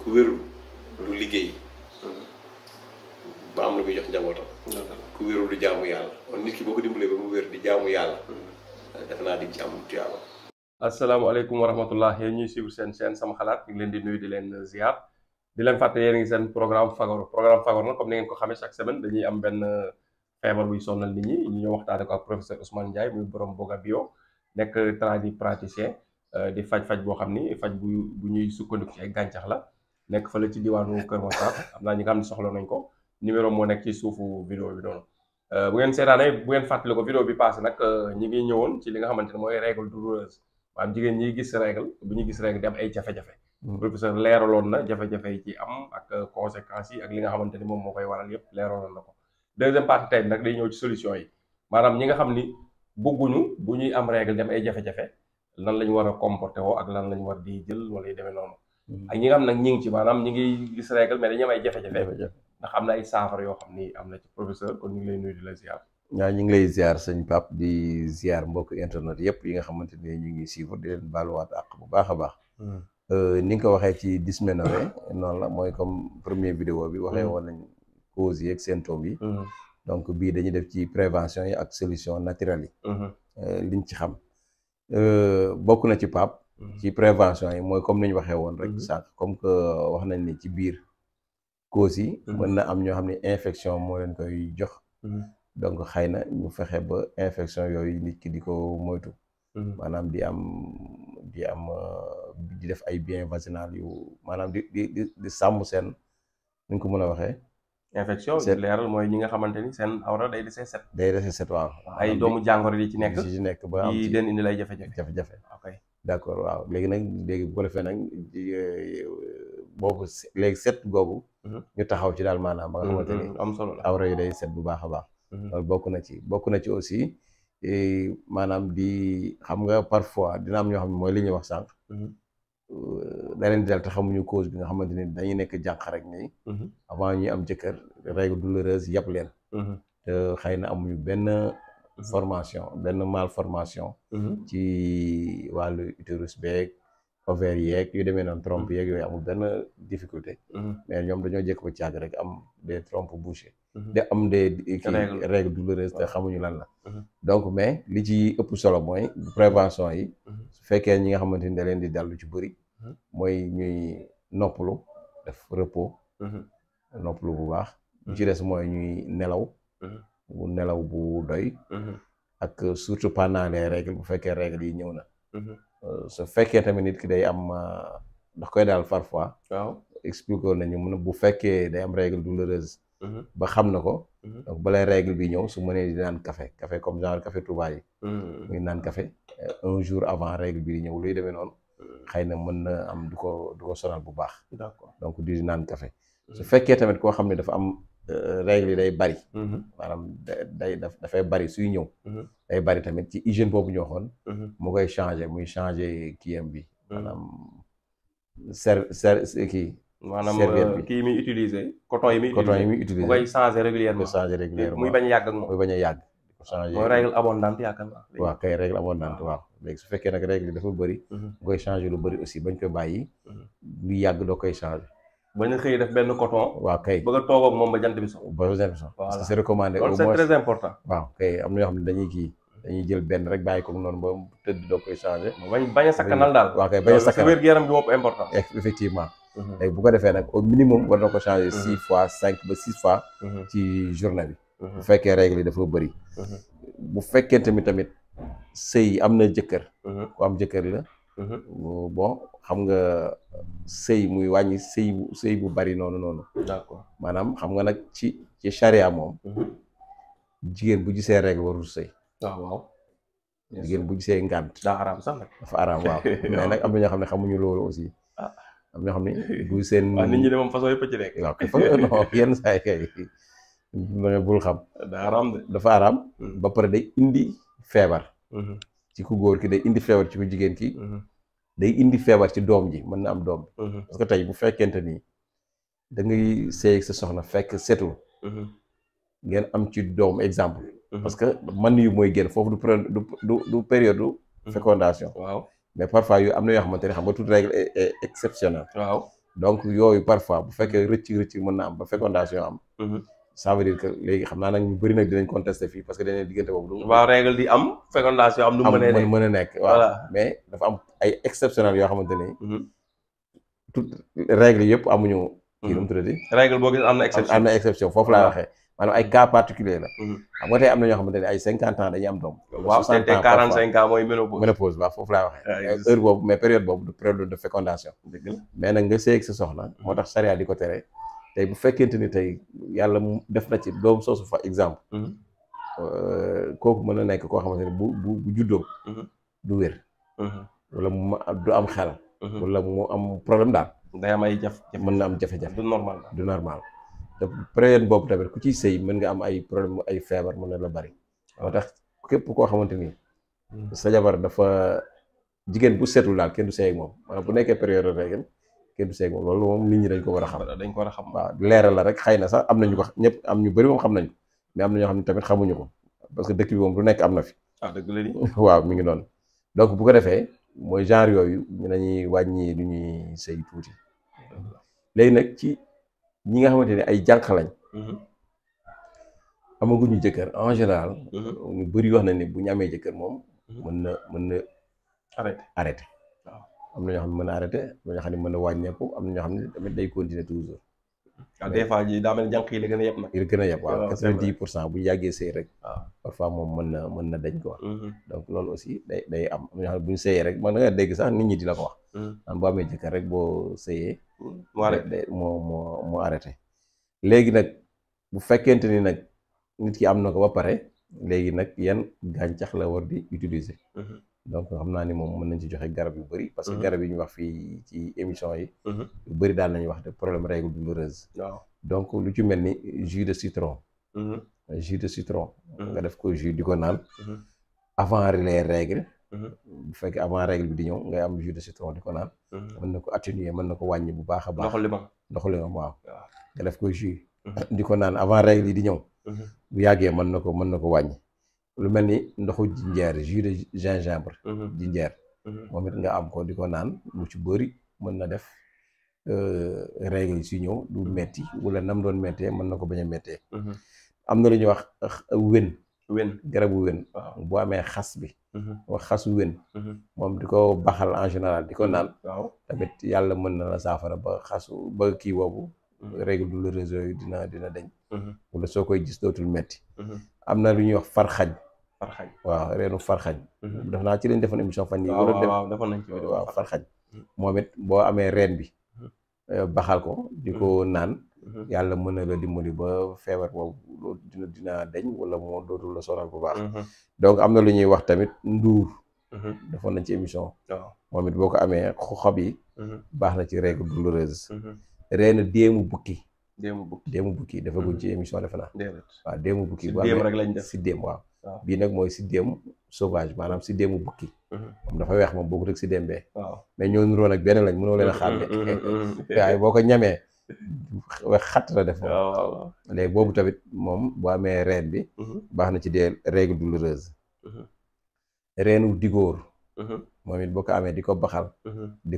ku wéru du liggéey mm-hmm. ba am lu bi jox njabootam ku wéru du jaamu yàlla nit ki boo ko dimbalee ba mu wér di jaamu yàlla mm-hmm. defe naa di ci am tuyaaba asalaamaaleykum wa rahmatullah yéen ñuy suivre seen seen sama xalaat ñu leen di nuyu di leen ziar di leen fàtte yéen ngi seen programme fagaru programme fagaru nag comme ni ngeen ko xamee chaque semaine dañuy am benn euh, feebar buy sonnal nit ñi ñu ñëw waxtaane ko ak professeur Ousmane Ndiaye muy borom Boga Bio nekk euh, di faj-faj boo xam ni faj bu bu ñuy sukkandiku gàncax la nekk fële ci diwaanu Kër Massar am naa ñi nga xam ne soxla nañ ko numéro moo nekk ci suufu vidéo bi noonu euh, bu ngeen seetaanee bu fàttali ko vidéo bi passé nag euh, ñi ngi ñëwoon ci li nga xamante ne mooy règle douloureuse jigéen ñi gis règle bu ñu gis règle di am ay jafe-jafe hmm. professeur leeraloon na jafe yi ci am ak euh, conséquences yi ak li nga xamante ni moom moo koy waral yépp leeraloon na ko deuxième partie tey nag day ñëw ci solution yi maanaam ñi nga xam ni bëgguñu bu ñuy am règle dem ay jafe-jafe lan lañ war a comporté woo ak lan lañ war di jël wala yi demee noonu ak ñi nga xam nag ñi ngi ci maanaam ñi ngi gis règle mais dañu am ay jafe-jafe ndax am na ay saafara yoo xam ni am na ci professeur kon ñu ngi lay nuyu di la ziar waaw ñu ngi lay ziar sëñ Pape di ziar mbokk internet yëpp yi nga xamante ne ñu ngi suivre di leen baaluwaat ak bu baax a baax hmm. euh, ni nga ko waxee ci dysménorrhée noonu la mooy comme premier vidéo bi waxee hmm. woon nañ causes yi ak symptômes yi hmm. donc bii dañuy def ci prévention yi ak solution naturelle yi euh, liñ ci xam euh, bokk na ci Pape ci prévention yi mooy comme ni ñu waxee woon rek mhm. sànq comme que wax nañ ni ci biir causes yi mhm. mën na am ñoo xam ne infection moo leen koy jox mhm. donc xëy na ñu fexe ba infection yooyu nit ki di ko moytu maanaam di am di am euh, di def ay bien vaginal yu maanaam di di di seen nuñ ko mën a waxee infection leeral mooy ñi nga xamante ni seen awra day desee set day desee set waaw ay doomu jàngoro yi ci nekk ci nekk ba am di leen indi lay jafe-jafe jafe-jafe d' accord waaw léegi nag léegi bu ko nag euh, boobu léegi set googu. Mhm. ñu taxaw ci daal maanaam. ba nga xamante mhm, mhm. am solo la awra yi day set bu baax a baax. bokk na ci bokk na ci aussi e, maanaam di xam nga parfois dina am ñoo xam ne mooy li ñuy wax sànq. Euh, da leen di dal te xamuñu cause bi nga xamante ni dañuy nekk jànq rek nii. avant ñuy am jëkkër règle douloureuse yàpp leen. te xëy na amuñu benn formation benn mal formation mhm. ci wàllu utérus beeg ovaire yeeg yu demee noonu trompe mhm. yeeg yooyu amul benn difficulté mhm. mais ñoom dañoo jëkk ba caag rek am des trompes bouchées da am des kii règles douloureuses te xamuñu lan la donc mais li ci ëpp solo mooy prévention yi su fekkee ñi nga xamante ni da leen di dal lu ci bëri mooy ñuy noppalu def repos noppalu bu baax ci des mooy ñuy nelaw bu nelaw bu doy mhm. ak surtout pendant les règles bu fekkee règles yi ñëw na mhm. euh, su fekkee tamit nit ki day am ndax euh, koy daal parfois waaw expliqué woon ñu mun na bu fekkee day am règle douloureuse mhm. ba xam na ko bale balay bi ñëw su mënee di naan kafe kafe comme genre café Touba muy naan kafe euh, un jour avant règle bi di ñëw luy demee noonu xëy na mën na am du ko du ko sonal bu baax d'accord donc di naan café su fekkee tamit koo xam ne dafa am Euh, règle yi day bari. Mm-hmm. maanaam day dafay bari suy ñëw. Mm-hmm. day bari tamit ci hygiène boobu ñu waxoon. Mm-hmm. mu koy changé muy changé kiyam bi. maanaam ser ser kii. serviette euh, bi kii muy utilisé. coton yi muy utilisé coton yi muy utilisé. mu koy changé régulièrement mu koy changé bañ yàgg ak moom muy bañ a yàgg. changé mooy règle abondante waaw léegi su fekkee nag règle yi dafa bëri. mu koy changé lu bari aussi bañ koy bàyyi. lu yàgg doo koy changé. bañ a xëy def benn coton. waaw kay bëgg a toog ak moom ba jant bi sax. ba parce que c'est recommandé. au moins loolu c'est très waaw kay am na yoo xam ne dañuy kii dañuy jël benn rek bàyyi ko noonu ba tëdd doo koy changé. bañ bañ a sakkanal daal. waaw a sakkanal wér gu yaram ko defee nag au minimum war na ko changé. Mhm. six fois cinq ba six fois. Mhm. ci journée bi. Mhm. bu fekkee règle yi dafa bëri. bu fekkee tamit tamit sëy am na jëkkër. ku am jëkkër la. Mhm. bo xam nga sëy muy wàññi sëy bu sëy bu bari noonu noonu. d'accord maanaam xam nga nag ci ci charia moom. Mhm. jigéen bu gisee rek warul sëy. Ah, waaw waaw. jigéen bu gisee ngànt. daa sax nag. dafa araam waaw mais nag am na ñoo xam ne xamuñu loolu aussi. Ah. am ñoo xam ne bu seen. waaw nit ñi de moom façon yëpp ci nekk. waaw bul xam. daa araam dafa araam. Mhm. ba pare day indi feebar. ci ku góor ki day indi feebar ci ku jigéen ki. day indi feebar ci doom ji mën na am doom bi mhm. parce que tey bu fekkente ni da ngay sëy ak sa soxna fekk setul mhm. ngeen am ci doom exemple mhm. parce que man yi mooy génn foofu du du du période fécondation waaw mais parfois yu am na yoo xamante ne xam nga toute règle est exceptionnelle waaw donc yooyu parfois bu fekkee rëcc rëcc mën na am ba fécondation am ça veut dire léegi xam naa nag ñu bëri nag dinañ contesté fii parce que dañu ne diggante boobu. du waaw règle di am fécondation am. lu mën a nekk waaw mais dafa am ay yoo xamante ni. Mhm. tout règle yëpp amuñu. Mhm. laa waxee. maanaam ay mhm. na ñoo xamante ne ay cinquante ans dañuy am doom. waaw te tey quarante cinq laa waxee. Ah, heure boobu mais période boobu du période de fécondation. dëgg la mais nag nga seeg sa soxna. moo tax charia di ko tey bu fekkente ni tey yàlla def na ci doom soosu fa exemple. Mm-hmm. Euh, kooku mën na nekk koo xamante ne bu bu bu juddoo. Mm-hmm. du wér. Mm-hmm. wala mu du am xel. wala mu am problème daal. day am ay jafe-jafe mën na am jafe-jafe. du normal du normal. te période boobu tamit ku ci sëy mën nga am ay problème ay feebar mën na la bari. moo tax képp koo xamante ni. sa jabar dafa jigéen bu seetul daal kenn du sëy ak moom maanaam bu nekkee période rek. kenn seeg moom loolu moom nit ñi dañ ko war a xam dañ ko war a xam waaw leeral la rek xay na sax am na ñu ko ñëpp am ñu bari moom xam nañ ko mais am na ñoo xam ne tamit xamuñu ko parce que dëkk bi moom du nekk am na fi ah, waaw mu ngi noonu donc bu ko defee mooy genre yooyu ñu nañuy wàññi lu ñuy sëy tuuti léegi nag ci ñi nga xamante ne ay jànq lañ mm-hmm. amaguñu jëkkër en général mm-hmm. ñu bëri wax na ne bu ñu amee jëkkër moom mm-hmm. mën na mën na arrêté arrêté am na ñoo xam ne mën a arrêté am xam ne mën a wàññeeku am na ñoo xam ne tamit day continuer toujours. waaw ah, yi la gën a yeb nag. yi la gën a yeb waaw pour cent bu ñu yàggee sëy rek. waaw ah. parfois moom mën na mën na dañ ko wax. Mm-hmm. donc loolu aussi day day am am na ñoo xam ne bu ñu sëyee rek man da nga dégg sax nit ñi di la ko wax. man mm-hmm. boo amee boo sëyee. mu mm-hmm. arrêté moo moo moo arrêté. léegi nag bu fekkente ni nag nit ki am na ko ba pare léegi nag yan gàncax la war di utiliser. donc xam naa ni moom mën nañ ci joxe garab yu bëri. parce que mhm. garab yi ñu wax fii ci émission yi. Mhm. yu bëri daal nañu wax de problème règle douloureuse. waaw donc lu ci mel ni jus de citron. Mhm. jus de citron. nga def ko jus di ko naan. avant les bu fekkee avant règle bi di ñëw nga am jus de citron di ko naan. man na ko atténuer mën na ko wàññi bu baax a baax. ndoxu limam ndoxu waaw. nga def ko jus. di ko naan avant règle yi di ñëw. bu yàggee mën na ko mën na ko wàññi. lu mel ni ndoxu jinjeer jus de gingembre mhm. jinjeer mhm. moom it nga am ko di ko naan lu ci bëri mën na def euh, règle yi si ñëw du mhm. metti wala nam doon méttee mën na ko bañ a méttee am na lu ñuy wax euh, wen garabu wen amee xas bi xasu wen moom di ko baxal en général di ko naan waaw tamit yàlla mën na la saafara ba xasu ba kii boobu règle douloureuse yooyu dina dina dañ wala soo koy gis dootul metti am na lu ñuy wax farxañ farxañ waaw reenu farxañ mhm. def naa ci lañ defoon émission fan yi waaw defoon nañ ci waaw farxañ moom it boo amee reen bi mhm. euh, baxal ko di ko mhm. naan yàlla mën na la dimbali ba feebar boobu loolu dina dina deñ wala moo dootul la sonal bu baax donc am na lu ñuy wax tamit nduur defoon nañ ci émission moom it boo ko amee xob yi baax na ci règle douloureuse reenu déemu bukki déemu bukki déemu bukki dafa guñ ci émission defe naa waaw déemu bukki bu amee si déem rek def si bii nag mooy siddeem sauvage maanaam siddeemu bukki mhm. moom dafa weex moom bokkut ak siddeem bee mais ñoo nuroo nag benn lañ mënoo leen a xàmme mhm, mhm, waaye boo ko ñamee weex xatt la def moom tamit moom boo amee reen bi baax na ci dee règle douloureuse reenu boo ko amee di ko baxal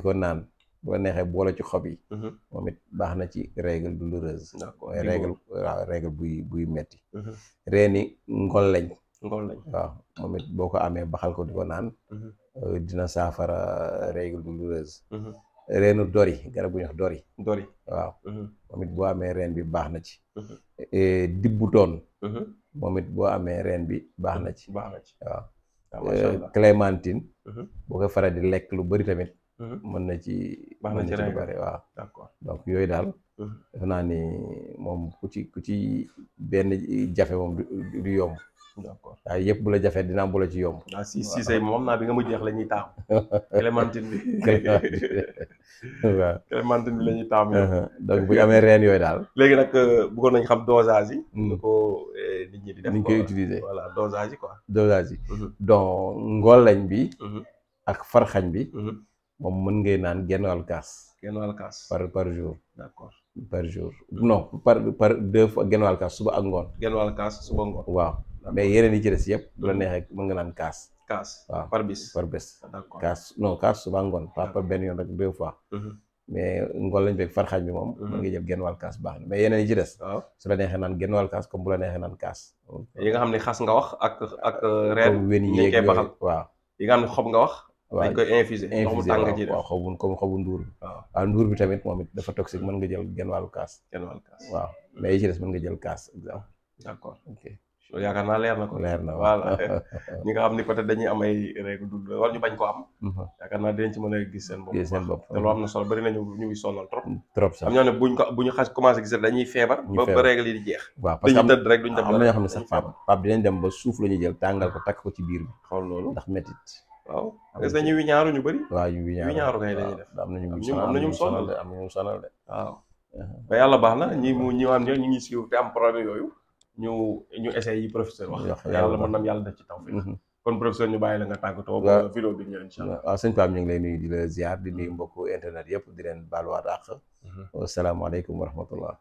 ko naan bu neexee boole ci xob yi baax na ci règle douloureuse mooy règle buy buy metti reeni ngol lañ ngoon lañ waaw moom it boo ko amee baxal ko di ko naan mhm. euh, dina saafara règle douloureuse mhm. reenu dori garab gu ñu wax dori dori waaw mhm. moom it boo amee reen bi baax na ci e, dibbu toon moom it boo amee reen bi baax na ci baax na ci waaw ah, euh, clémentine boo ko faral di lekk lu bëri tamit mën na ci baax na ci lu bëri waaw d'accord donc yooyu daal defe naa ni moom ku ci ku ci benn jafe moom du yomb d'accord waaye yëpp bu la jafee dina am bu la ci yomb. waaw ah, si si moom naa bi nga ma jeex la ñuy taam. clémentine bi. waaw bi la ñuy uh-huh. donc bu amee reen yooyu daal. léegi nag euh, bëggoon nañu xam dosage yi. Hmm. nu ko euh, nit ñi di def. ñu koy utiliser voilà dosage yi quoi. dosage yi. Hmm. donc ngoollañ bi. Hmm. ak farxañ bi. moom mën ngay naan genn wàllu kaas. genn wàllu kaas par par jour. d'accord. par jour non par par deux fois genn wàllu kaas suba ak ngoon. genn wàllu kaas suba ngoon waaw. mais yeneen yi ci des yëpp bu la mmh. neexee mën nga naan kaas. kaas waaw par bis kaas non kaas suba ngoon par benn yoon rek deux fois. Mmh. mais ngoon lañ fekk farxaaj bi moom. Mmh. mën nga jël genn wàll kaas baax na mais yi ci des. waaw su la neexee naan genn wàll kaas comme bu nga xam ne xas nga wax ak ak. Euh, reer yi ñu koy baxal waaw. yi xam xob nga wax. waaw dañ koy infusé ndox mu tàng ci def waaw xobu nduur bi. tamit moom it dafa toxique mën nga jël genn wàllu kaas. genn nga jël kaas exemple. d'accord loolu yaakaar naa leer na ko leer na voilà nga xam ni peut-être dañuy am ay règle du wala ñu bañ ko am mhm. yaakaar naa seen bopp gis seen bopp te lu am na solo bari nañu am ne buñ ko bu ñu xas commencé gis dañuy feebar ba règle yi di jeex waaw parce que dañuy tëdd rek duñ am na ñoo xam ne sax pap pap la ñu bëri de am nañu sonal de waaw uh-huh. ba yàlla baax na ñi mu ñi am ñoo ñu ngi te am problème yooyu ñu ñu essayé yi professeur wax yàlla mën nam yàlla def ci tawfiq mhm. kon professeur ñu bàyyi la nga tàggatoo ba vidéo bi ñu incha allah waaw sëñ Pape ñu ngi lay nuyu di la mbokk di nuyu mhm. mbokku internet yëpp di leen baaluwaat àq mhm. asalaamaaleykum wa rahmatullah